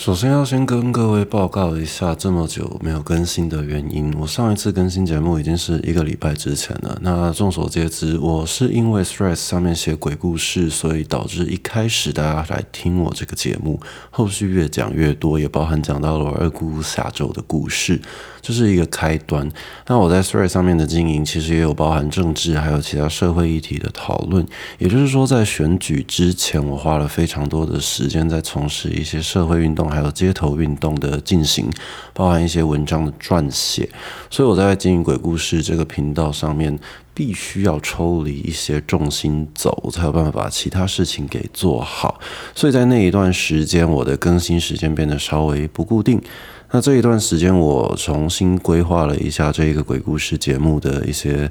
首先要先跟各位報告一下這麼久沒有更新的原因。我上一次更新節目已經是一個禮拜之前了。那眾所皆知，我是因為 Threads 上面寫鬼故事，所以導致一開始大家來聽我這個節目。後續越講越多，也包含講到了我二姑姑下周的故事，這是一個開端。那我在 Threads 上面的經營其實也有包含政治，還有其他社會議題的討論。也就是說，在選舉之前，我花了非常多的時間在從事一些社會運動。還有街頭運動的進行，包含一些文章的撰寫，所以我在經營鬼故事這個頻道上面，必須要抽離一些重心走，才有辦法把其他事情給做好。所以在那一段時間，我的更新時間變得稍微不固定。那這一段時間，我重新規劃了一下這個鬼故事節目的一些。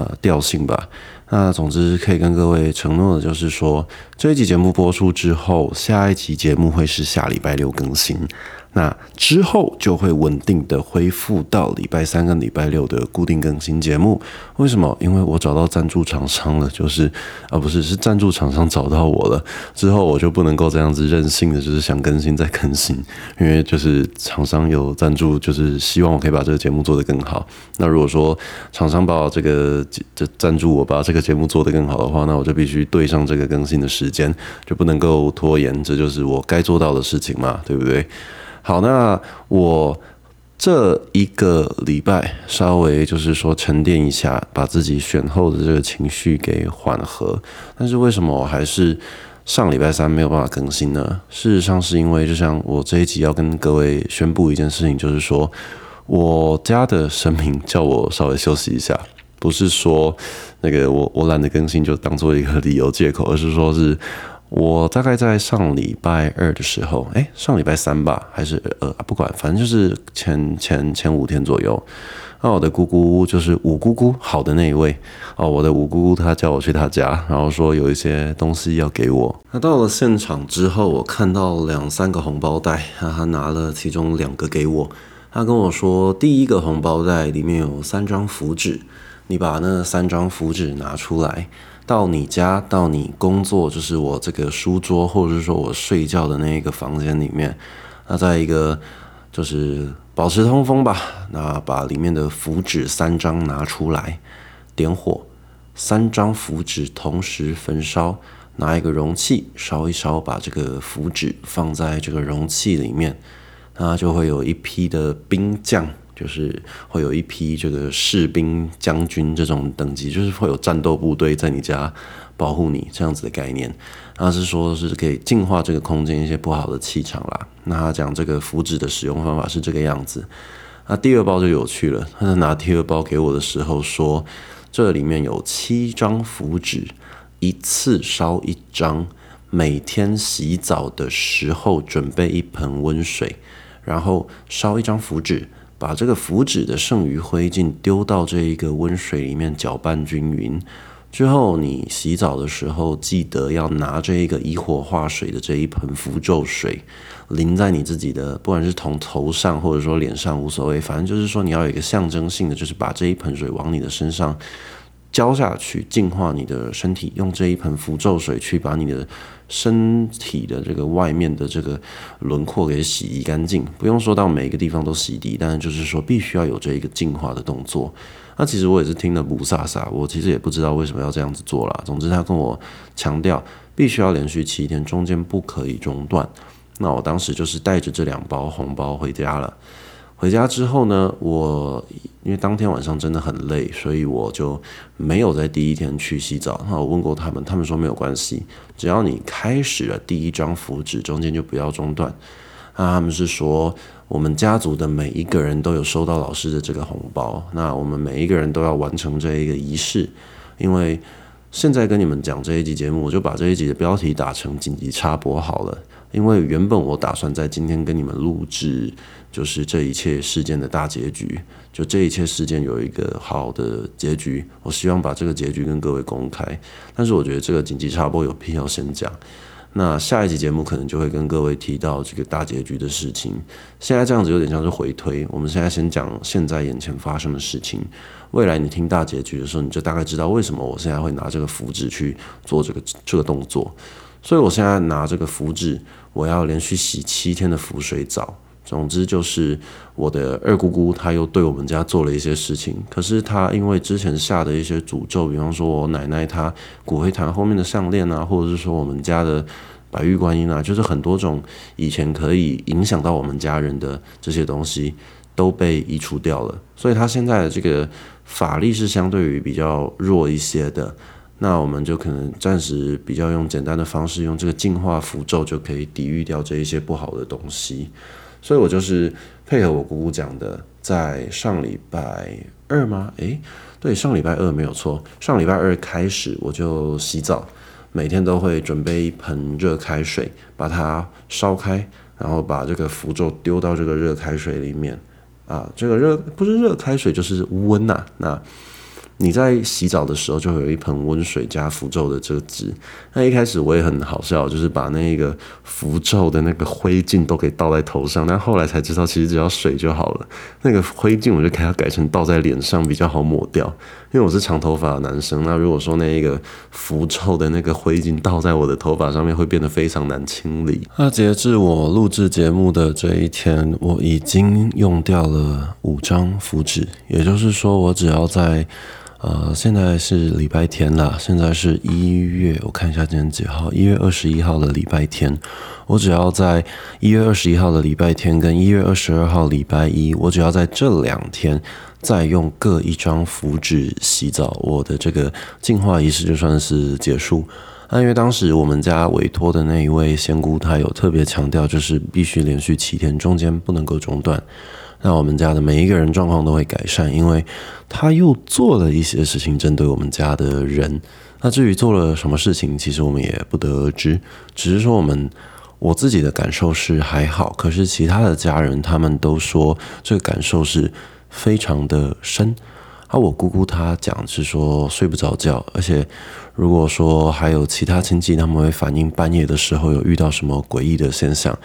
呃，調性吧。那總之可以跟各位承諾的就是說，這一集節目播出之後，下一集節目會是下禮拜六更新。那之後就會穩定的恢復到禮拜三跟禮拜六的固定更新節目。為什麼？因為我找到贊助廠商了，就是啊，不是，是贊助廠商找到我了。之後我就不能夠這樣子任性的，就是想更新再更新，因為就是廠商有贊助，就是希望我可以把這個節目做得更好。那如果說廠商把我這個這贊助我把這個節目做得更好的話，那我就必須對上這個更新的時間，就不能夠拖延。這就是我該做到的事情嘛，對不對？好，那我這一個禮拜稍微就是說沉澱一下，把自己選後的這個情緒給緩和。但是為什麼我還是上禮拜三沒有辦法更新呢？事實上是因為，就像我這一集要跟各位宣布一件事情，就是說我家的神明叫我稍微休息一下，不是說那個我我懶得更新就當做一個理由借口，而是說是。我大概在上禮拜二的時候，哎，上禮拜三吧，還是呃，不管，反正就是前前前五天左右。那、啊、我的姑姑就是五姑姑，好的那一位。哦、啊，我的五姑姑她叫我去她家，然後說有一些東西要給我。那到了現場之後，我看到兩三個紅包袋，她拿了其中兩個給我。她跟我說，第一個紅包袋裡面有三張符紙。你把那三張符紙拿出來，到你家，到你工作，就是我這個書桌，或者是說我睡覺的那一個房間裡面。那再一個，就是保持通風吧。那把裡面的符紙三張拿出來，點火，三張符紙同時焚燒。拿一個容器燒一燒，把這個符紙放在這個容器裡面，那就會有一批的兵將。就是會有一批這個士兵、將軍這種等級，就是會有戰鬥部隊在你家保護你這樣子的概念。他是說是可以淨化這個空間一些不好的氣場啦。那他講這個符紙的使用方法是這個樣子。那第二包就有趣了，他在拿第二包給我的時候說，這裡面有七張符紙，一次燒一張，每天洗澡的時候準備一盆溫水，然後燒一張符紙。把這個符紙的剩餘灰燼丟到這一個溫水裡面攪拌均勻之後，你洗澡的時候記得要拿這一個以火化水的這一盆符咒水淋在你自己的，不管是從頭上或者說臉上無所謂，反正就是說你要有一個象徵性的，就是把這一盆水往你的身上，澆下去，淨化你的身體，用這一盆符咒水去把你的身體的這個外面的這個輪廓給洗滌乾淨。不用說到每一個地方都洗滌，但是就是說必須要有這一個淨化的動作。那、啊、其實我也是聽得霧煞煞，我其實也不知道為什麼要這樣子做啦。總之，他跟我強調必須要連續七天，中間不可以中斷。那我當時就是帶着這兩包紅包回家了。回家之後呢，我因為當天晚上真的很累，所以我就沒有在第一天去洗澡。那我問過他們，他們說沒有關係，只要你開始了第一張符紙，中間就不要中斷。那他們是說，我們家族的每一個人都有收到老師的這個紅包，那我們每一個人都要完成這一個儀式。因為現在跟你們講這一集節目，我就把這一集的標題打成緊急插播好了，因為原本我打算在今天跟你們錄製。就是這一切事件的大結局，就這一切事件有一個好的結局，我希望把這個結局跟各位公開。但是我覺得這個緊急插播有必要先講，那下一期節目可能就會跟各位提到這個大結局的事情。現在這樣子有點像是回推，我們現在先講現在眼前發生的事情，未來你聽大結局的時候，你就大概知道為什麼我現在會拿這個符紙去做這個這個動作。所以我現在拿這個符紙，我要連續洗七天的符水澡。總之就是我的二姑姑，她又對我們家做了一些事情。可是她因為之前下的一些詛咒，比方說我奶奶她骨灰罈後面的項鏈啊，或者是說我們家的白玉觀音啊，就是很多種以前可以影響到我們家人的這些東西都被移除掉了。所以她現在的這個法力是相對於比較弱一些的。那我們就可能暫時比較用簡單的方式，用這個淨化符咒就可以抵禦掉這一些不好的東西。所以我就是配合我姑姑講的，在上禮拜二嗎？誒，對，上禮拜二沒有錯。上禮拜二開始我就洗澡，每天都會準備一盆熱開水，把它燒開，然後把這個符咒丟到這個熱開水裡面。啊，這個熱不是熱開水，就是溫吶、啊。那你在洗澡的時候，就會有一盆溫水加符咒的這個紙。那一開始我也很好笑，就是把那個符咒的那個灰燼都給倒在頭上。那後來才知道，其實只要水就好了。那個灰燼我就給它改成倒在臉上比較好抹掉，因為我是長頭髮的男生。那如果說那一個符咒的那個灰燼倒在我的頭髮上面，會變得非常難清理。那截至我錄制節目的這一天，我已經用掉了五張符紙，也就是說，我只要在呃，現在是禮拜天了。現在是一月，我看一下今天幾號，一月二十一號的禮拜天。我只要在一月二十一號的禮拜天跟一月二十二號禮拜一，我只要在這兩天再用各一張符紙洗澡，我的這個淨化儀式就算是結束。那、啊、因為當時我們家委託的那一位仙姑，她有特別強調，就是必須連續七天，中間不能夠中斷。那我們家的每一個人狀況都會改善，因為他又做了一些事情，針對我們家的人。那至於做了什麼事情，其實我們也不得而知。只是說我們我自己的感受是還好，可是其他的家人他們都說這個感受是非常的深。啊，我姑姑她講是說睡不着覺，而且如果說還有其他親戚，他們會反映半夜的時候有遇到什麼詭異的現象。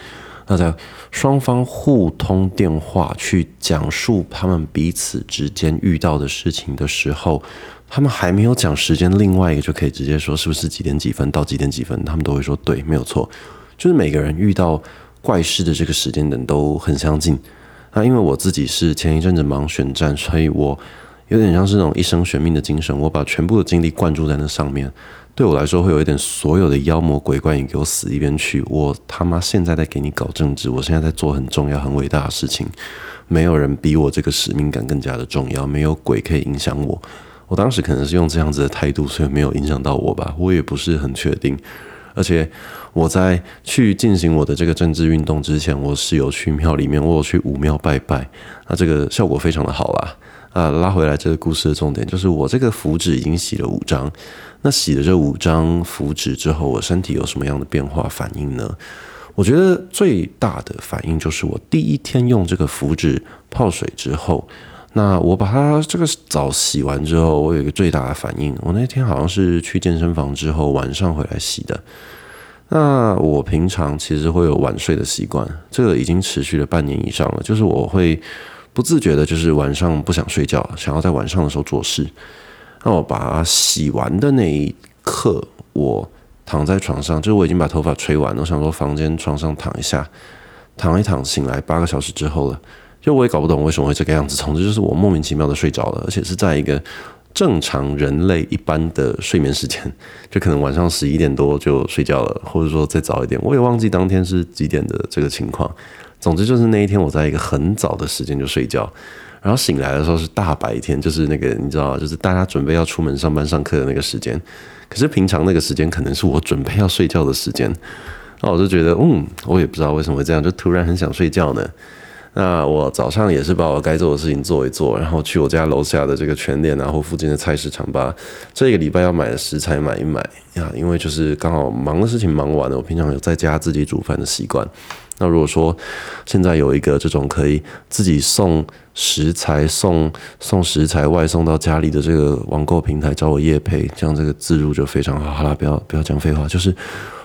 那在雙方互通電話去講述他們彼此之間遇到的事情的時候，他們還沒有講時間，另外一個就可以直接說，是不是幾點幾分到幾點幾分？他們都會說對，沒有錯，就是每個人遇到怪事的這個時間點都很相近。那因為我自己是前一陣子忙選戰，所以我。有點像是那種一生懸命的精神，我把全部的精力灌注在那上面，對我來說會有一點，所有的妖魔鬼怪你給我死一邊去，我他媽現在在給你搞政治，我現在在做很重要很偉大的事情，沒有人比我這個使命感更加的重要，沒有鬼可以影響我。我當時可能是用這樣子的態度，所以沒有影響到我吧，我也不是很確定。而且我在去進行我的這個政治運動之前，我是有去廟裡面，我有去武廟拜拜，那這個效果非常的好啦。呃，拉回來這個故事的重點就是，我這個符紙已經洗了五張。那洗了這五張符紙之後，我身體有什麼樣的變化反應呢？我覺得最大的反應就是，我第一天用這個符紙泡水之後，那我把它這個澡洗完之後，我有一個最大的反應。我那天好像是去健身房之後，晚上回來洗的。那我平常其實會有晚睡的習慣，這個已經持續了半年以上了。就是我會。不自覺的，就是晚上不想睡覺，想要在晚上的時候做事。那我把洗完的那一刻，我躺在床上，就我已經把頭髮吹完了，我想說房間床上躺一下，躺一躺，醒來八個小時之後了。就我也搞不懂為什麼會這個樣子，總之就是我莫名其妙的睡着了，而且是在一個正常人類一般的睡眠時間，就可能晚上十一點多就睡覺了，或者說再早一點，我也忘記當天是幾點的這個情況。總之就是那一天，我在一個很早的時間就睡覺，然後醒來的時候是大白天，就是那個你知道，就是大家準備要出門上班、上課的那個時間。可是平常那個時間可能是我準備要睡覺的時間，那我就覺得嗯，我也不知道為什麼會這樣，就突然很想睡覺呢。那我早上也是把我該做的事情做一做，然後去我家樓下的這個全聯，然後附近的菜市場把這個禮拜要買的食材買一買呀，因為就是剛好忙的事情忙完了，我平常有在家自己煮飯的習慣。那如果說現在有一個這種可以自己送食材、送送食材外送到家裡的這個網購平台，找我業配，這樣這個自助就非常好了。不要不要講廢話，就是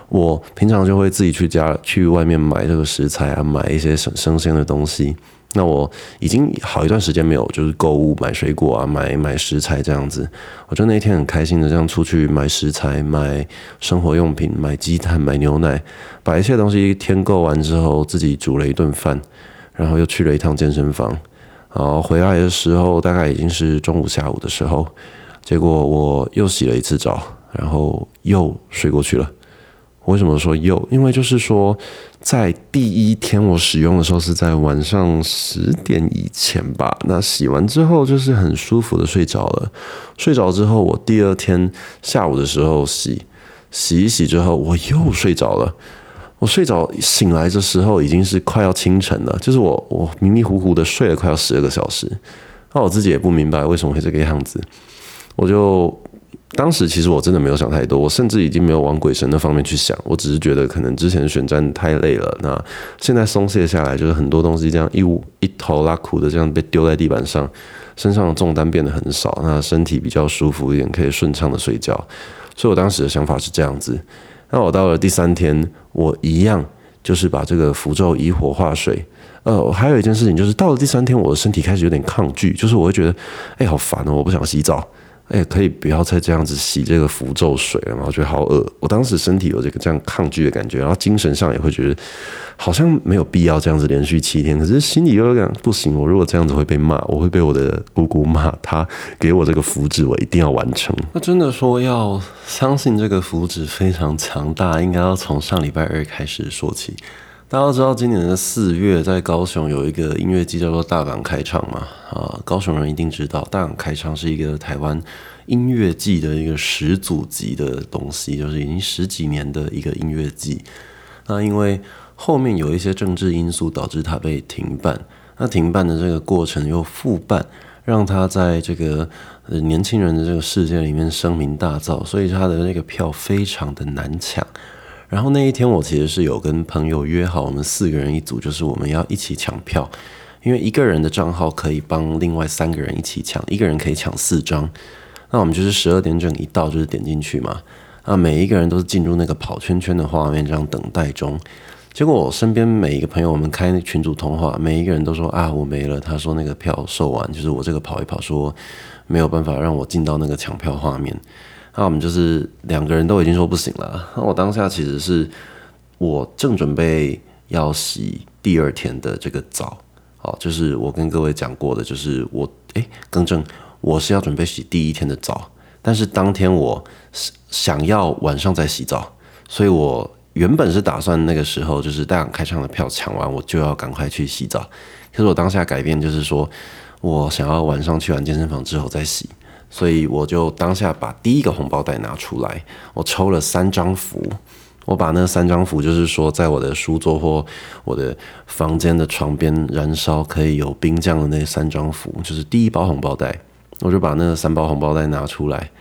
我平常就會自己去家去外面買這個食材啊，買一些生生鮮的東西。那我已經好一段時間沒有就是購物買水果啊，買買食材這樣子。我就那一天很開心的這樣出去買食材、買生活用品、買雞蛋、買牛奶，把一切東西添購完之後，自己煮了一頓飯，然後又去了一趟健身房。然後回來的時候，大概已經是中午下午的時候，結果我又洗了一次澡，然後又睡過去了。為什麼說又？因為就是說。在第一天我使用的時候是在晚上十點以前吧，那洗完之後就是很舒服的睡着了。睡着之後，我第二天下午的時候洗洗一洗之後，我又睡着了。我睡着醒來的時候已經是快要清晨了，就是我我迷迷糊糊的睡了快要十二個小時。那我自己也不明白為什麼會這個樣子，我就。當時其實我真的沒有想太多，我甚至已經沒有往鬼神那方面去想，我只是覺得可能之前選戰太累了，那現在鬆懈下來，就是很多東西這樣一一頭拉苦的這樣被丟在地板上，身上的重擔變得很少，那身體比較舒服一點，可以順暢的睡覺，所以我當時的想法是這樣子。那我到了第三天，我一樣就是把這個符咒以火化水，呃，還有一件事情就是到了第三天，我的身體開始有點抗拒，就是我會覺得，哎，好煩哦，我不想洗澡。哎、欸，可以不要再這樣子洗這個符咒水了嗎？我覺得好噁。我當時身體有這個這樣抗拒的感覺，然後精神上也會覺得好像沒有必要這樣子連續七天，可是心裡又想不行，我如果這樣子會被罵，我會被我的姑姑罵。她給我這個符紙，我一定要完成。那真的說要相信這個符紙非常強大，應該要從上禮拜二開始說起。大家都知道今年的四月在高雄有一個音樂祭叫做大港開唱嗎？啊，高雄人一定知道，大港開唱是一個台灣音樂祭的一個始祖級的東西，就是已經十幾年的一個音樂祭。那因為後面有一些政治因素導致它被停辦，那停辦的這個過程又復辦，讓它在這個年輕人的這個世界裡面聲名大噪，所以它的那個票非常的難搶。然後那一天，我其實是有跟朋友約好，我們四個人一組，就是我們要一起搶票，因為一個人的賬號可以幫另外三個人一起搶，一個人可以搶四張。那我們就是十二點整一到，就是點進去嘛。啊，每一個人都是進入那個跑圈圈的畫面，這樣等待中。結果我身邊每一個朋友，我們開群組通話，每一個人都說啊，我沒了。他說那個票售完，就是我這個跑一跑說沒有辦法讓我進到那個搶票畫面。那我們就是兩個人都已經說不行了。那我當下其實是我正準備要洗第二天的這個澡，好，就是我跟各位講過的，就是我哎，更正，我是要準備洗第一天的澡，但是當天我想要晚上再洗澡，所以我原本是打算那個時候，就是大港開唱的票搶完，我就要趕快去洗澡。可是我當下改變，就是說我想要晚上去完健身房之後再洗。所以我就當下把第一個紅包袋拿出來，我抽了三張符，我把那三張符就是說在我的書桌或我的房間的床邊燃燒可以有兵將的那三張符，就是第一包紅包袋，我就把那三包紅包袋拿出來，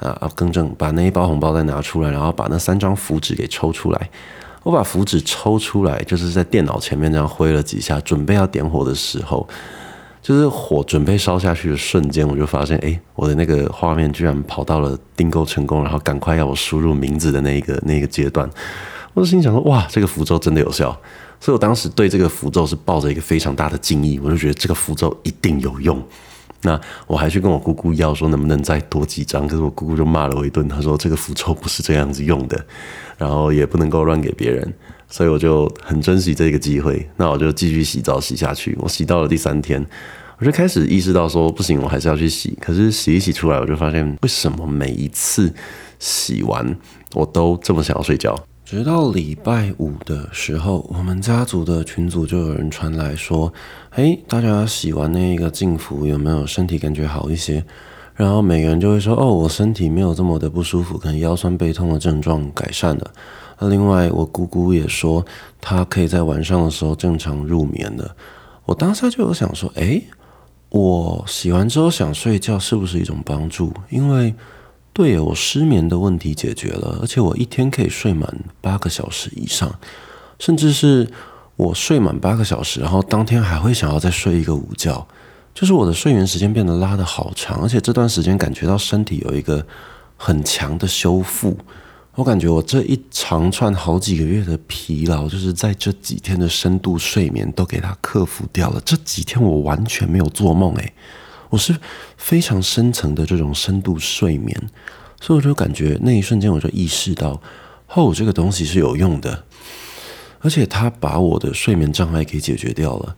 啊啊更正，把那一包紅包袋拿出來，然後把那三張符紙給抽出來，我把符紙抽出來，就是在電腦前面這樣揮了幾下，準備要點火的時候。就是火準備燒下去的瞬間，我就發現，哎、欸，我的那個畫面居然跑到了訂購成功，然後趕快要我輸入名字的那一個、那個階段。我就心想說，哇，這個符咒真的有效，所以我當時對這個符咒是抱着一個非常大的敬意，我就覺得這個符咒一定有用。那我還去跟我姑姑要說能不能再多幾張，可是我姑姑就罵了我一頓，她說這個符咒不是這樣子用的，然後也不能夠亂給別人。所以我就很珍惜這個機會，那我就繼續洗澡洗下去。我洗到了第三天，我就開始意識到說不行，我還是要去洗。可是洗一洗出來，我就發現為什麼每一次洗完我都這麼想要睡覺。直到禮拜五的時候，我們家族的群組就有人傳來說：“誒、欸，大家洗完那個淨符有沒有身體感覺好一些？”然後每個人就會說：“哦，我身體沒有這麼的不舒服，可能腰酸背痛的症狀改善了。”那另外，我姑姑也說，她可以在晚上的時候正常入眠了。我當下就有想說，哎，我洗完之後想睡覺，是不是一種幫助？因為，對我失眠的問題解決了，而且我一天可以睡滿八個小時以上，甚至是我睡滿八個小時，然後當天還會想要再睡一個午覺，就是我的睡眠時間變得拉得好長，而且這段時間感覺到身體有一個很強的修復。我感覺我這一長串好幾個月的疲勞，就是在這幾天的深度睡眠都給他克服掉了。這幾天我完全沒有做夢、欸，哎，我是非常深層的這種深度睡眠，所以我就感覺那一瞬間我就意識到，後、哦、這個東西是有用的，而且他把我的睡眠障礙給解決掉了。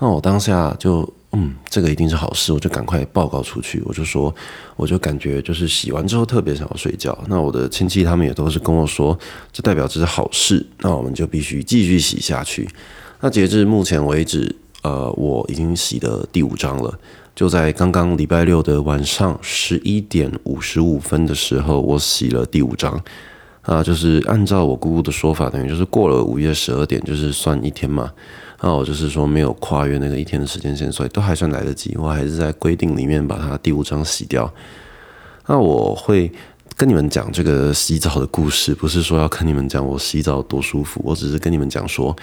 那我當下就。嗯，這個一定是好事，我就趕快報告出去。我就說，我就感覺就是洗完之後特別想要睡覺。那我的親戚他們也都是跟我說，這代表這是好事，那我們就必須繼續洗下去。那截至目前為止，呃，我已經洗了第五張了。就在剛剛禮拜六的晚上十一點五十五分的時候，我洗了第五張。啊、呃，就是按照我姑姑的說法，等於就是過了午夜十二點，就是算一天嘛。那我就是說沒有跨越那個一天的時間線，所以都還算來得及。我還是在規定裡面把它第五章洗掉。那我會跟你們講這個洗澡的故事，不是說要跟你們講我洗澡多舒服，我只是跟你們講說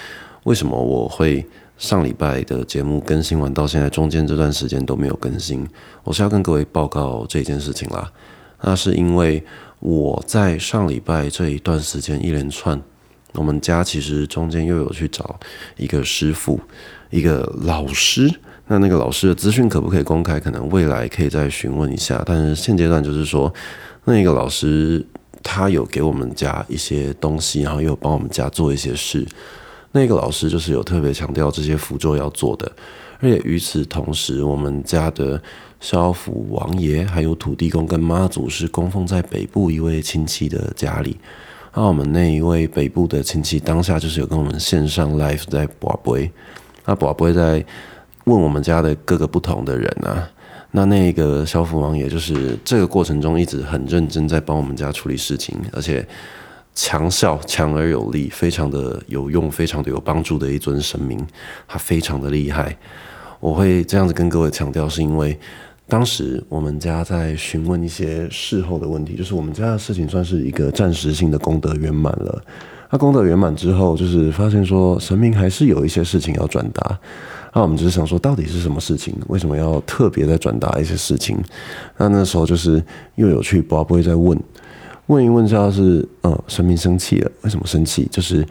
為什麼我會上禮拜的節目更新完到現在中間這段時間都沒有更新。我是要跟各位報告這件事情啦。那是因為我在上禮拜這一段時間一連串。我們家其實中間又有去找一個師傅，一個老師。那那個老師的資訊可不可以公開？可能未來可以再詢問一下。但是現階段就是說，那個老師他有給我們家一些東西，然後又幫我們家做一些事。那個老師就是有特別強調這些符咒要做的。而且與此同時，我們家的蕭府王爺還有土地公跟媽祖是供奉在北部一位親戚的家裡。那我們那一位北部的親戚當下就是有跟我們線上 live 在博杯，那博杯在問我們家的各個不同的人啊，那那個蕭府王爺也就是這個過程中一直很認真在幫我們家處理事情，而且強效強而有力，非常的有用，非常的有幫助的一尊神明，他非常的厲害。我會這樣子跟各位強調，是因為。當時我們家在詢問一些事後的問題，就是我們家的事情算是一個暫時性的功德圓滿了。那、啊、功德圓滿之後，就是發現說神明還是有一些事情要轉達。那、啊、我們只是想說，到底是什麼事情？為什麼要特別再轉達一些事情？那那時候就是又有去，不要不會再問，問一問一下是，嗯，神明生氣了？為什麼生氣？就是。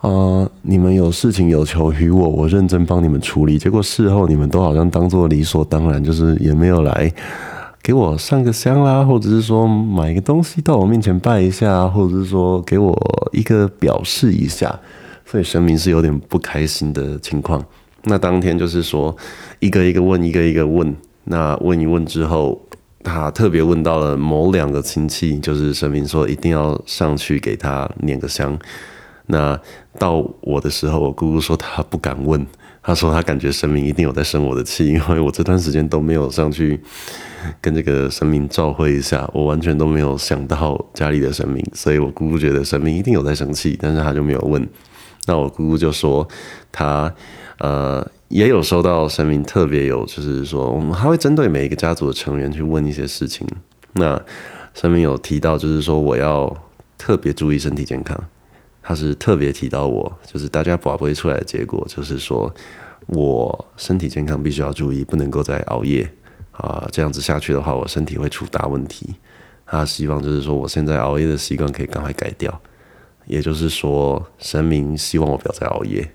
啊、呃！你們有事情有求於我，我認真幫你們處理。結果事後你們都好像當做理所當然，就是也沒有來給我上個香啦，或者是說買一個東西到我面前拜一下，或者是說給我一個表示一下。所以神明是有點不開心的情況。那當天就是說一個一個問，一個一個問。那問一問之後，他特別問到了某兩個親戚，就是神明說一定要上去給他念個香。那到我的時候，我姑姑說她不敢問，她說她感覺神明一定有在生我的氣，因為我這段時間都沒有上去跟這個神明照會一下，我完全都沒有想到家裡的神明，所以我姑姑覺得神明一定有在生氣，但是她就沒有問。那我姑姑就說，她呃也有收到神明特別有，就是說我們還會針對每一個家族的成員去問一些事情。那上面有提到，就是說我要特別注意身體健康。他是特別提到我，就是大家把關出來的結果，就是說我身體健康必須要注意，不能夠再熬夜啊！這樣子下去的話，我身體會出大問題。他希望就是說，我現在熬夜的習慣可以趕快改掉，也就是說，神明希望我不要再熬夜。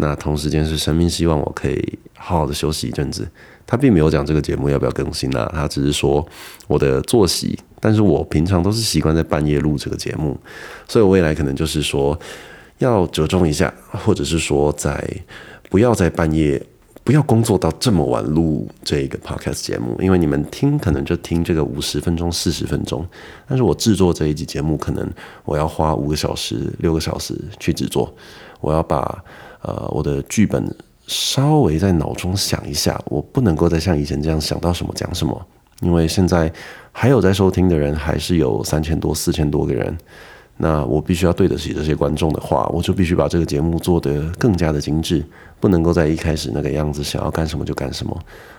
那同時間是神明希望我可以好好的休息一陣子，他並沒有講這個節目要不要更新啦、啊，他只是說我的作息。但是我平常都是習慣在半夜錄這個節目，所以我未來可能就是說要折中一下，或者是說在不要在半夜，不要工作到這麼晚錄這個 podcast 節目，因為你們聽可能就聽這個五十分鐘四十分鐘，但是我製作這一集節目可能我要花五個小時六個小時去製作，我要把。呃，我的劇本稍微在腦中想一下，我不能夠再像以前這樣想到什麼講什麼，因為現在還有在收聽的人，還是有三千多、四千多個人。那我必須要對得起這些觀眾的話，我就必須把這個節目做得更加的精緻，不能夠在一開始那個樣子，想要幹什麼就幹什麼，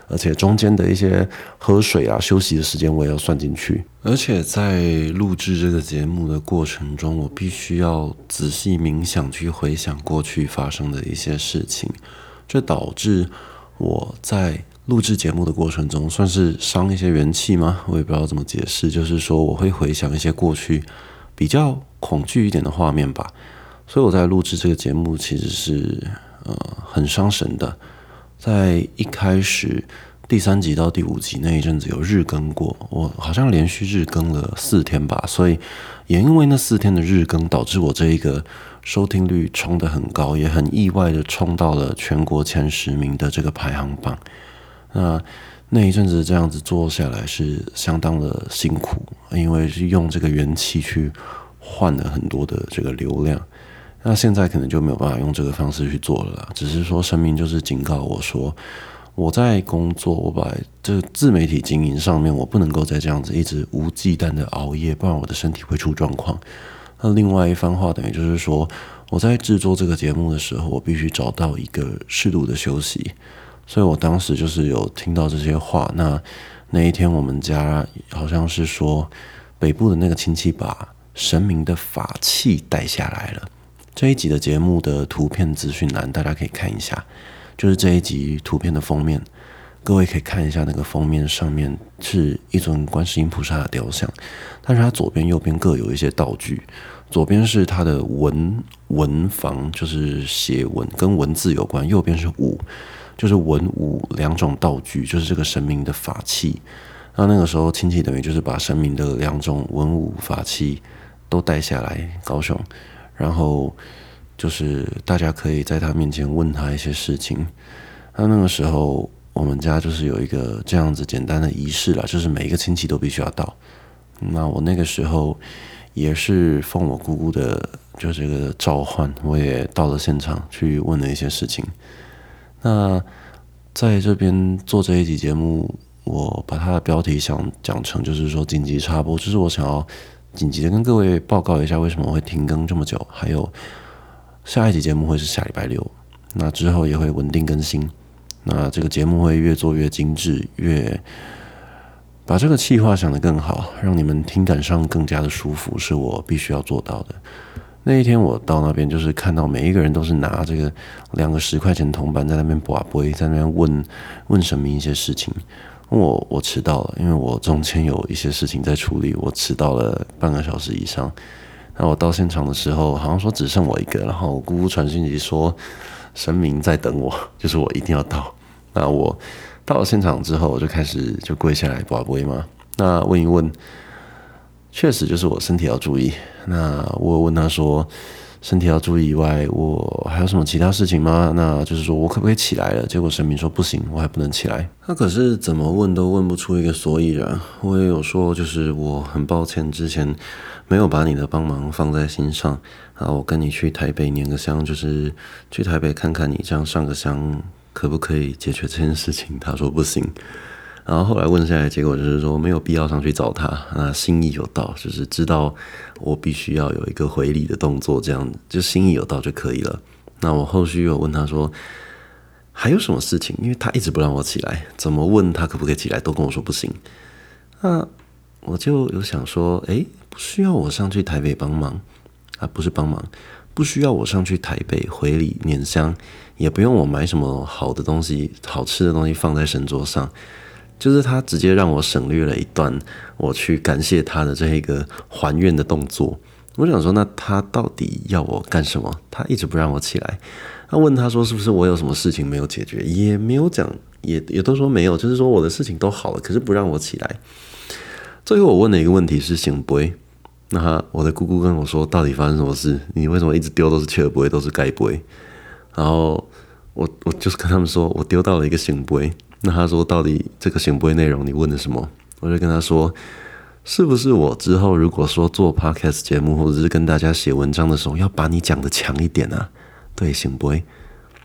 而且中間的一些喝水啊、休息的時間我也要算進去。而且在錄製這個節目的過程中，我必須要仔細冥想，去回想過去發生的一些事情，這導致我在錄製節目的過程中算是傷一些元氣嗎？我也不知道怎麼解釋，就是說我會回想一些過去。比較恐懼一點的畫面吧，所以我在錄製這個節目，其實是呃很傷神的。在一開始第三集到第五集那一陣子有日更過，我好像連續日更了四天吧，所以也因為那四天的日更導致我這一個收聽率衝得很高，也很意外地衝到了全國前十名的這個排行榜。那那一陣子這樣子做下來是相當的辛苦，因為是用這個元氣去換了很多的這個流量。那現在可能就沒有辦法用這個方式去做了啦。只是說生命就是警告我說，我在工作，我把這個自媒體經營上面，我不能夠再這樣子一直無忌憚的熬夜，不然我的身體會出狀況。那另外一番話，等於就是說，我在製作這個節目的時候，我必須找到一個適度的休息。所以我當時就是有聽到這些話。那那一天我們家好像是說，北部的那個親戚把神明的法器帶下來了。這一集的節目的圖片資訊欄大家可以看一下，就是這一集圖片的封面，各位可以看一下那個封面上面是一尊觀世音菩薩的雕像，但是它左邊右邊各有一些道具，左邊是它的文文房，就是寫文跟文字有關，右邊是武。就是文武兩種道具，就是這個神明的法器。那那個時候，親戚等於就是把神明的兩種文武法器都帶下來高雄，然後就是大家可以在他面前問他一些事情。那那個時候，我們家就是有一個這樣子簡單的儀式了，就是每一個親戚都必須要到。那我那個時候也是奉我姑姑的就是這個召喚，我也到了現場去問了一些事情。那在這邊做這一集節目，我把它的標題想講成就是說緊急插播，就是我想要緊急的跟各位報告一下，為什麼會停更這麼久，還有下一集節目會是下禮拜六，那之後也會穩定更新，那這個節目會越做越精致，越把這個企劃想得更好，讓你們聽感上更加的舒服，是我必須要做到的。那一天我到那邊，就是看到每一個人都是拿這個兩個十塊錢銅板在那邊拔杯，在那邊問問神明一些事情。我我遲到了，因為我中間有一些事情在處理，我遲到了半個小時以上。那我到現場的時候，好像說只剩我一個，然後我姑姑傳訊息說神明在等我，就是我一定要到。那我到了現場之後，我就開始就跪下來拔杯一嘛，那問一問。確實就是我身體要注意。那我問他說，身體要注意以外，我還有什麼其他事情嗎？那就是說我可不可以起來了？結果神明說不行，我還不能起來。那可是怎麼問都問不出一個所以然。我也有說，就是我很抱歉之前沒有把你的幫忙放在心上啊。然後我跟你去台北拈個香，就是去台北看看你，這樣上個香可不可以解決這件事情？他說不行。然後後來問下來，結果就是說沒有必要上去找他。那心意有到，就是知道我必須要有一個回禮的動作，這樣子就心意有到就可以了。那我後續又問他說還有什麼事情，因為他一直不讓我起來，怎麼問他可不可以起來都跟我說不行。那我就有想說，哎，不需要我上去台北幫忙啊，不是幫忙，不需要我上去台北回禮、拈香，也不用我買什麼好的東西、好吃的東西放在神桌上。就是他直接讓我省略了一段，我去感謝他的這一個還願的動作。我想說，那他到底要我幹什麼？他一直不讓我起來。他問他說：“是不是我有什麼事情沒有解決？”也沒有講，也也都說沒有，就是說我的事情都好了，可是不讓我起來。最後我問了一個問題是聖杯。那他我的姑姑跟我說，到底發生什麼事？你為什麼一直丟都是笑杯，都是蓋杯。然後我我就是跟他們說我丟到了一個聖杯。那他說：“到底這個聖杯內容你問的什麼？”我就跟他說：“是不是我之後如果說做 podcast 節目或者是跟大家寫文章的時候，要把你講得強一點啊？”對，聖杯？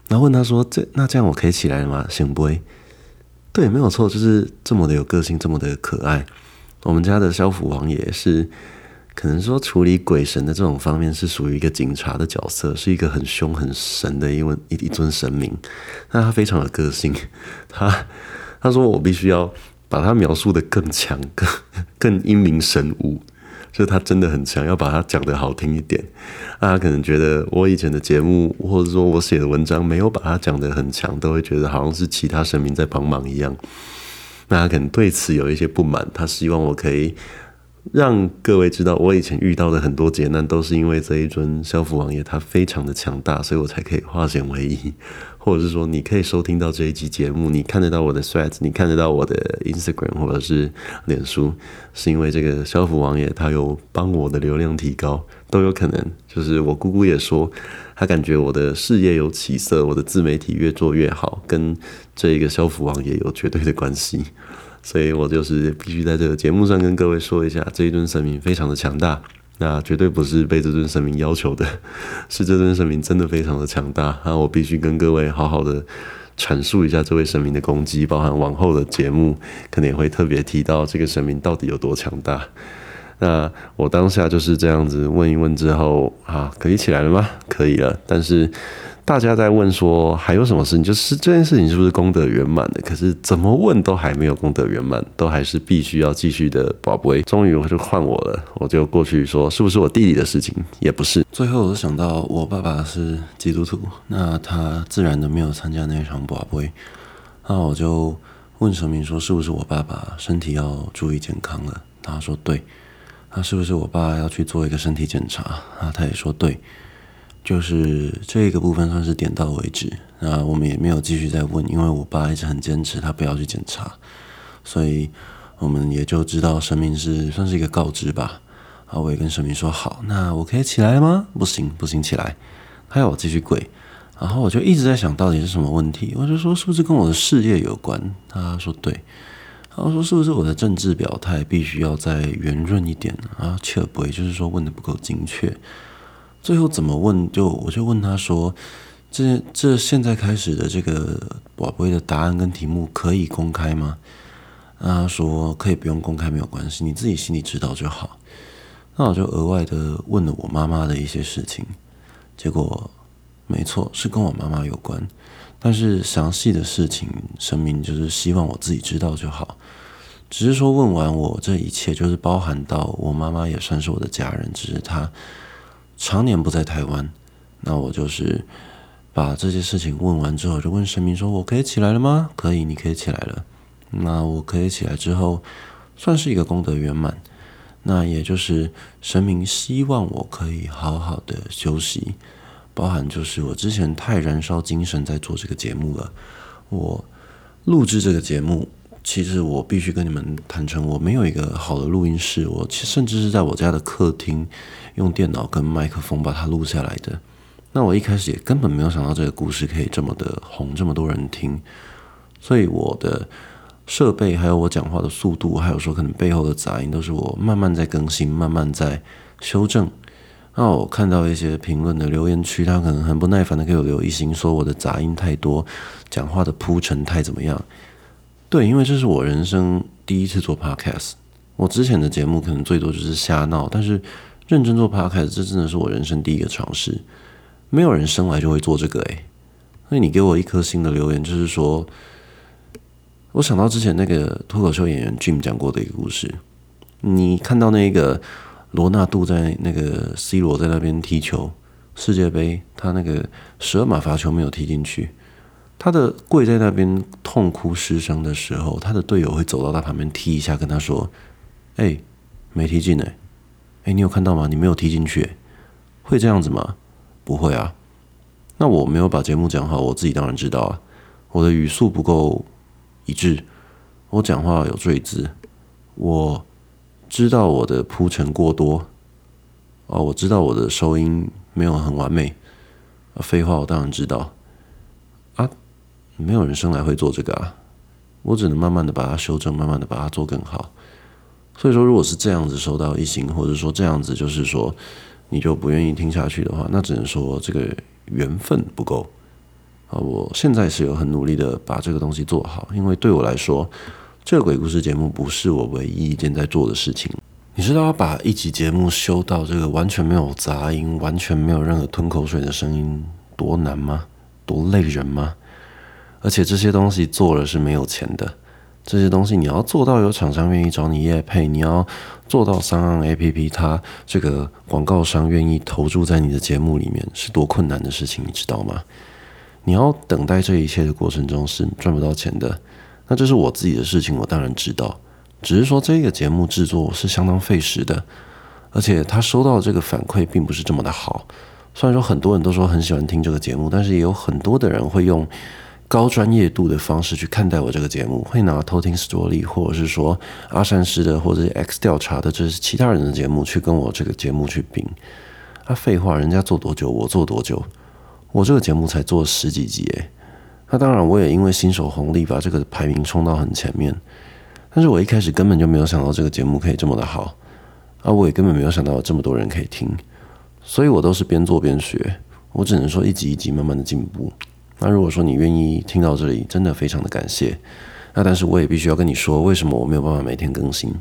然後那問他說這：“這那這樣我可以起來了嗎？”聖杯？對，沒有錯，就是這麼的有個性，這麼的可愛。我們家的蕭府王爺是。可能說處理鬼神的這種方面是屬於一個警察的角色，是一個很凶很神的一位一一尊神明。那他非常有個性，他他說我必須要把他描述得更強、更更英明神武，就是他真的很強，要把他講得好聽一點。那他可能覺得我以前的節目，或者說我寫的文章沒有把他講得很強，都會覺得好像是其他神明在幫忙一樣。那他可能對此有一些不滿，他希望我可以。讓各位知道，我以前遇到的很多劫難都是因為這一尊消福王爺他非常的強大，所以我才可以化險為夷。或者是說，你可以收聽到這一期節目，你看得到我的 Threads，你看得到我的 Instagram 或者是臉書，是因為這個消福王爺他有幫我的流量提高，都有可能。就是我姑姑也說，她感覺我的事業有起色，我的自媒體越做越好，跟這一個消福王爺有絕對的關係。所以我就是必須在這個節目上跟各位說一下，這一尊神明非常的強大，那絕對不是被這尊神明要求的，是這尊神明真的非常的強大。那我必須跟各位好好的闡述一下這位神明的攻擊，包含往後的節目可能也會特別提到這個神明到底有多強大。那我當下就是這樣子問一問之後啊，可以起來了嗎？可以了，但是。大家在問說還有什麼事情，就是這件事情是不是功德圓滿的？可是怎麼問都還沒有功德圓滿，都還是必須要繼續的。寶貝，終於我就換我了，我就過去說，是不是我弟弟的事情？也不是。最後我就想到我爸爸是基督徒，那他自然的沒有參加那一場寶貝。那我就問神明說，是不是我爸爸身體要注意健康了？他說對。那是不是我爸要去做一個身體檢查？啊，他也說對。就是這個部分算是點到為止，那我們也沒有繼續再問，因為我爸一直很堅持他不要去檢查，所以我們也就知道神明是算是一個告知吧。啊，我也跟神明說好，那我可以起來嗎？不行，不行起來，還要我繼續跪。然後我就一直在想到底是什麼問題，我就說是不是跟我的事業有關？他、啊、說對。然後說是不是我的政治表態必須要再圓潤一點啊？笑杯，也就是說問得不夠精確。最後怎麼問？就我就問他說：“這這現在開始的這個寶貝的答案跟題目可以公開嗎？”那他說：“可以不用公開沒有關係，你自己心裡知道就好。”那我就額外的問了我媽媽的一些事情，結果沒錯是跟我媽媽有關，但是詳細的事情聲明就是希望我自己知道就好。只是說問完我這一切，就是包含到我媽媽也算是我的家人，只是她。常年不在台灣，那我就是把這些事情問完之後，就問神明說：“我可以起來了嗎？”可以，你可以起來了。那我可以起來之後，算是一個功德圓滿。那也就是神明希望我可以好好的休息，包含就是我之前太燃燒精神在做這個節目了，我錄製這個節目。其實我必須跟你們坦誠，我沒有一個好的錄音室，我其實甚至是在我家的客廳用電腦跟麥克風把它錄下來的。那我一開始也根本沒有想到這個故事可以這麼的紅，這麼多人聽。所以我的設備，還有我講話的速度，還有說可能背後的雜音，都是我慢慢在更新，慢慢在修正。那我看到一些評論的留言區，他可能很不耐煩的給我留一行，說我的雜音太多，講話的鋪陳太怎麼樣。對，因為這是我人生第一次做 podcast，我之前的節目可能最多就是瞎鬧，但是認真做 podcast，這真的是我人生第一個嘗試。沒有人生來就會做這個誒。所以你給我一顆星的留言，就是說，我想到之前那個脫口秀演員 Jim 講過的一個故事，你看到那個羅納度在那個 C 羅在那邊踢球，世界盃，他那個十二碼罰球沒有踢進去。他的跪在那邊痛哭失聲的時候，他的隊友會走到他旁邊踢一下，跟他說：“哎、欸，沒踢進哎、欸，哎、欸，你有看到嗎？你沒有踢進去、欸，會這樣子嗎？不會啊。那我沒有把節目講好，我自己當然知道啊。我的語速不夠一致，我講話有贅字。我知道我的鋪陳過多。哦，我知道我的收音沒有很完美。廢、啊、話，我當然知道啊。”沒有人生來會做這個啊，我只能慢慢的把它修正，慢慢的把它做更好。所以說，如果是這樣子收到異形，或者說這樣子就是說你就不願意聽下去的話，那只能說這個緣分不夠啊。我現在是有很努力的把這個東西做好，因為對我來說，這個鬼故事節目不是我唯一一件在做的事情。你知道把一集節目修到這個完全沒有雜音，完全沒有任何吞口水的聲音多難嗎？多累人嗎？而且這些東西做了是沒有錢的，這些東西你要做到有廠商願意找你業配，你要做到三岸 A P P，它這個廣告商願意投注在你的節目裡面，是多困難的事情，你知道嗎？你要等待這一切的過程中是賺不到錢的。那這是我自己的事情，我當然知道，只是說這個節目製作是相當費時的，而且他收到的這個反饋並不是這麼的好。雖然說很多人都說很喜歡聽這個節目，但是也有很多的人會用。高專業度的方式去看待我這個節目，會拿偷聽 Story 或者是說阿善師的，或者是 X 調查的這、就是其他人的節目去跟我這個節目去比。那、啊、廢話，人家做多久我做多久，我這個節目才做十幾集誒，那、啊、當然，我也因為新手紅利把這個排名衝到很前面。但是我一開始根本就沒有想到這個節目可以這麼的好，啊，我也根本沒有想到有這麼多人可以聽，所以我都是邊做邊學，我只能說一集一集慢慢的進步。那如果說你願意聽到這裡，真的非常的感謝。那但是我也必須要跟你說，為什麼我沒有辦法每天更新？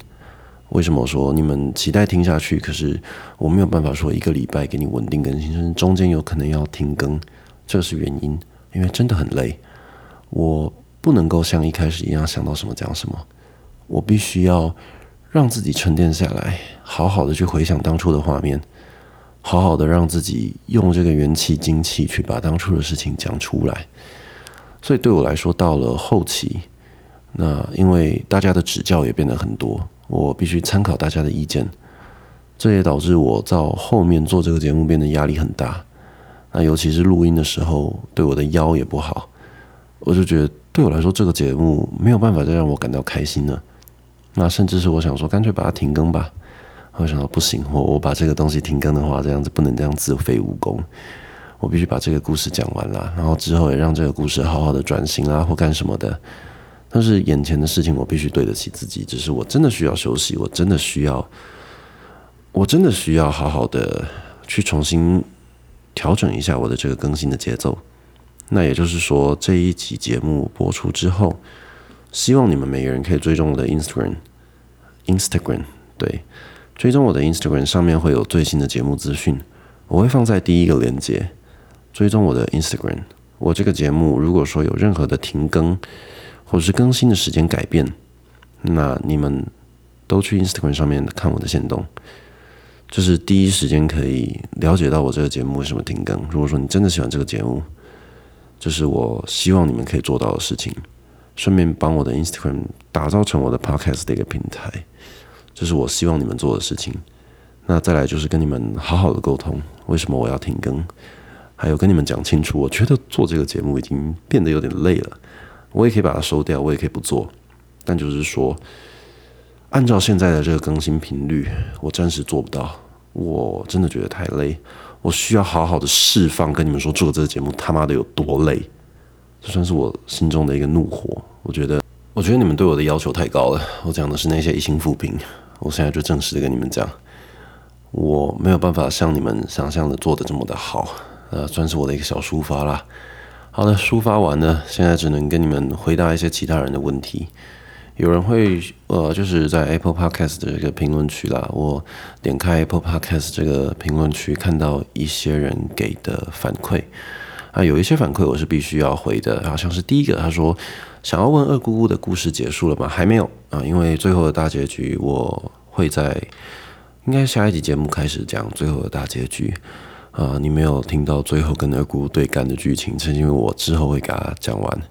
為什麼我說你們期待聽下去，可是我沒有辦法說一個禮拜給你穩定更新，中間有可能要停更，這是原因，因為真的很累。我不能夠像一開始一樣想到什麼講什麼，我必須要讓自己沉澱下來，好好的去回想當初的畫面。好好的讓自己用這個元氣精氣去把當初的事情講出來，所以對我來說，到了後期，那因為大家的指教也變得很多，我必須參考大家的意見，這也導致我到後面做這個節目變得壓力很大。那尤其是錄音的時候，對我的腰也不好，我就覺得對我來說，這個節目沒有辦法再讓我感到開心了。那甚至是我想說，乾脆把它停更吧。我想到不行，我我把這個東西停更的話，這樣子不能這樣自廢武功。我必須把這個故事講完了，然後之後也讓這個故事好好的轉型啊，或幹什麼的。但是眼前的事情，我必須對得起自己。只是我真的需要休息，我真的需要，我真的需要好好的去重新調整一下我的這個更新的節奏。那也就是說，這一期節目播出之後，希望你們每個人可以追蹤我的 Instagram，Instagram 對。追蹤我的 Instagram 上面會有最新的節目資訊，我會放在第一個鏈接。追蹤我的 Instagram，我這個節目如果說有任何的停更，或者是更新的時間改變，那你們都去 Instagram 上面看我的限動，就是第一時間可以了解到，我這個節目為什麼停更。如果說你真的喜歡這個節目，這、就是我希望你們可以做到的事情，順便幫我的 Instagram 打造成我的 Podcast 的一個平台。這是我希望你們做的事情。那再來就是跟你們好好的溝通，為什麼我要停更，還有跟你們講清楚。我覺得做這個節目已經變得有點累了，我也可以把它收掉，我也可以不做。但就是說，按照現在的這個更新頻率，我暫時做不到。我真的覺得太累，我需要好好的釋放，跟你們說做了這個節目他媽的有多累，這算是我心中的一個怒火。我覺得，我覺得你們對我的要求太高了。我講的是那些一心扶貧。我現在就正式的跟你們講，我沒有辦法像你們想象的做的這麼的好，呃，算是我的一個小抒發啦。好的，抒發完了，現在只能跟你們回答一些其他人的問題。有人會呃，就是在 Apple Podcast 的這個評論區啦，我點開 Apple Podcast 這個評論區，看到一些人給的反饋啊，呃，有一些反饋我是必須要回的，好像是第一個，他說。想要問二姑姑的故事結束了嗎？還沒有啊，因為最後的大結局我會在應該下一集節目開始講最後的大結局啊。你沒有聽到最後跟二姑對幹的劇情，是因為我之後會給他講完。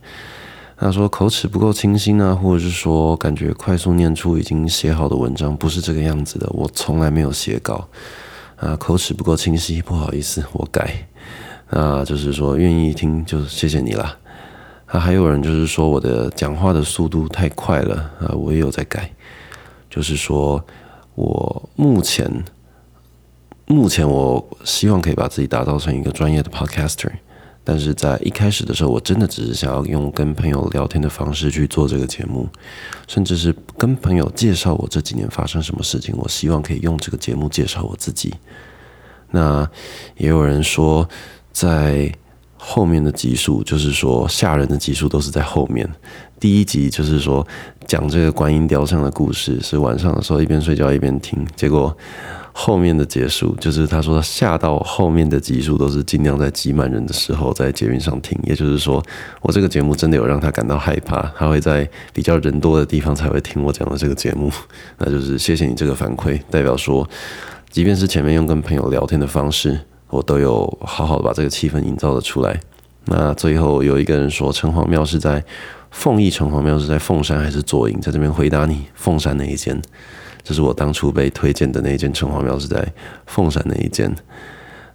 他、啊、說口齒不夠清晰呢、啊，或者是說感覺快速念出已經寫好的文章不是這個樣子的。我從來沒有寫稿啊，口齒不夠清晰，不好意思，我改啊，就是說願意聽就謝謝你啦。那、啊、還有人就是說我的講話的速度太快了，啊，我也有在改。就是說，我目前目前我希望可以把自己打造成一個專業的 podcaster，但是在一開始的時候，我真的只是想要用跟朋友聊天的方式去做這個節目，甚至是跟朋友介紹我這幾年發生什麼事情。我希望可以用這個節目介紹我自己。那也有人說，在。後面的集數就是說嚇人的集數都是在後面，第一集就是說講這個觀音雕像的故事，是晚上的時候一邊睡覺一邊聽。結果後面的結束就是他說他嚇到後面的集數都是盡量在擠滿人的時候在捷運上聽，也就是說我這個節目真的有讓他感到害怕，他會在比較人多的地方才會聽我講的這個節目。那就是謝謝你這個反饋，代表說，即便是前面用跟朋友聊天的方式。我都有好好的把這個氣氛營造了出來。那最後有一個人說城隍廟是在鳳邑，城隍廟是，是在鳳山還是左營？在這邊回答你，鳳山那一間，這、就是我當初被推薦的那一間。城隍廟是在鳳山那一間。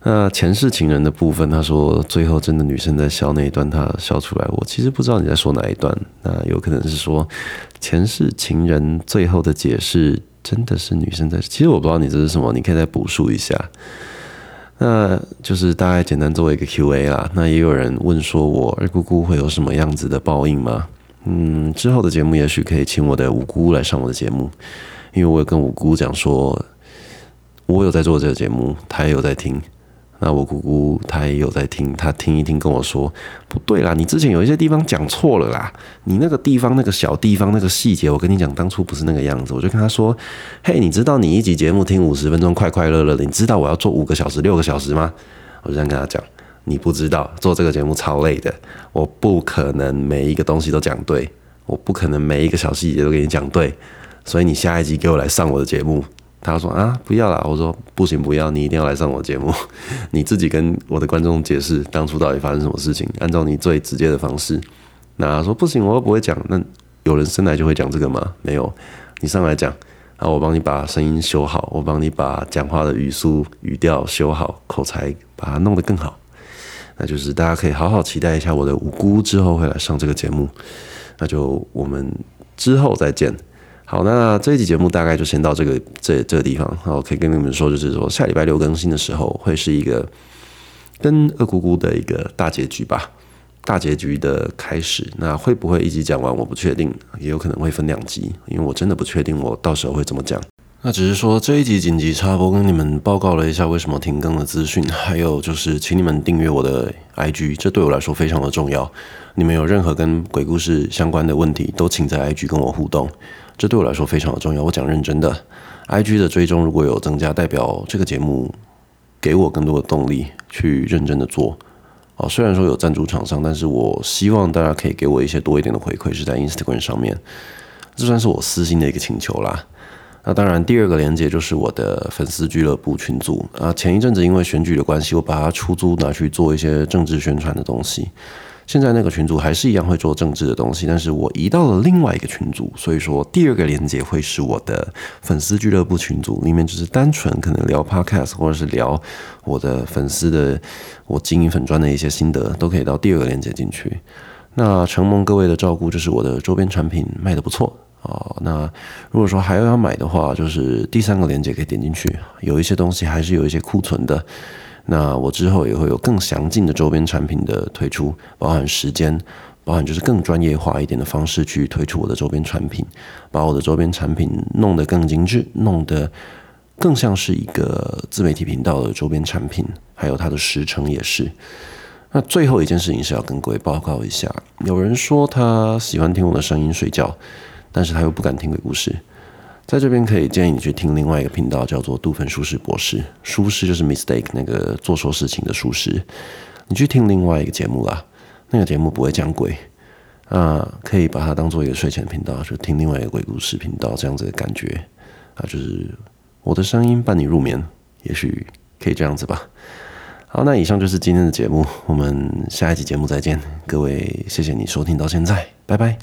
那前世情人的部分，他說最後真的女生在笑那一段，他笑出來。我其實不知道你在說哪一段，那有可能是說前世情人最後的解釋真的是女生在。其實我不知道你這是什麼，你可以再補述一下。那就是大概簡單做一個 Q&A 啦。那也有人問說我，我二姑姑會有什麼樣子的報應嗎？嗯，之後的節目也許可以請我的五姑來上我的節目，因為我有跟五姑講說，我有在做這個節目，她也有在聽。那我姑姑她也有在聽，她聽一聽跟我說，不對啦，你之前有一些地方講錯了啦，你那個地方，那個小地方，那個細節，我跟你講，當初不是那個樣子。我就跟她說，嘿，hey, 你知道你一集節目聽五十分鐘快快樂樂的，你知道我要做五個小時六個小時嗎？我就這樣跟她講，你不知道做這個節目超累的，我不可能每一個東西都講對，我不可能每一個小細節都給你講對，所以你下一集給我來上我的節目。他說啊，不要啦，我說不行，不要，你一定要來上我的節目。 你自己跟我的觀眾解釋當初到底發生什麼事情，按照你最直接的方式。那他說不行，我又不會講。那有人生來就會講這個嗎？沒有。你上來講，啊，我幫你把聲音修好，我幫你把講話的語速、語調修好，口才把它弄得更好。那就是大家可以好好期待一下我的無辜之後會來上這個節目。那就我們之後再見。好，那這一集節目大概就先到這個這這個地方。然後可以跟你們說，就是說下禮拜六更新的時候會是一個跟二姑姑的一個大結局吧，大結局的開始。那會不會一集講完？我不確定，也有可能會分兩集，因為我真的不確定我到時候會怎麼講。那只是說這一集緊急插播，跟你們報告了一下為什麼停更的資訊，還有就是請你們訂閱我的 IG，這對我來說非常的重要。你們有任何跟鬼故事相關的問題，都請在 IG 跟我互動。這對我來說非常的重要，我講認真的。IG 的追蹤如果有增加，代表這個節目給我更多的動力去認真的做。啊、哦，雖然說有贊助廠商，但是我希望大家可以給我一些多一點的回饋，是在 Instagram 上面，這算是我私心的一個請求啦。那當然，第二個連接就是我的粉絲俱樂部群組啊。前一陣子因為選舉的關係，我把它出租拿去做一些政治宣傳的東西。現在那個群組還是一樣會做政治的東西，但是我移到了另外一個群組，所以說第二個鏈接會是我的粉絲俱樂部群組，裡面只是單純可能聊 podcast 或者是聊我的粉絲的我經營粉專的一些心得，都可以到第二個鏈接進去。那承蒙各位的照顧，就是我的周邊產品賣得不錯啊、哦。那如果說還要要買的話，就是第三個鏈接可以點進去，有一些東西還是有一些庫存的。那我之後也會有更詳盡的周邊產品的推出，包含時間，包含就是更專業化一點的方式去推出我的周邊產品，把我的周邊產品弄得更精緻，弄得更像是一個自媒體頻道的周邊產品，還有它的時程也是。那最後一件事情是要跟各位報告一下，有人說他喜歡聽我的聲音睡覺，但是他又不敢聽鬼故事。在這邊可以建議你去聽另外一個頻道，叫做“杜芬舒適博士”，舒適就是 mistake 那個做錯事情的舒適。你去聽另外一個節目啦，那個節目不會講鬼啊，可以把它當做一個睡前頻道，就聽另外一個鬼故事頻道這樣子的感覺啊。就是我的聲音伴你入眠，也許可以這樣子吧。好，那以上就是今天的節目，我們下一集節目再見，各位謝謝你收聽到現在，拜拜。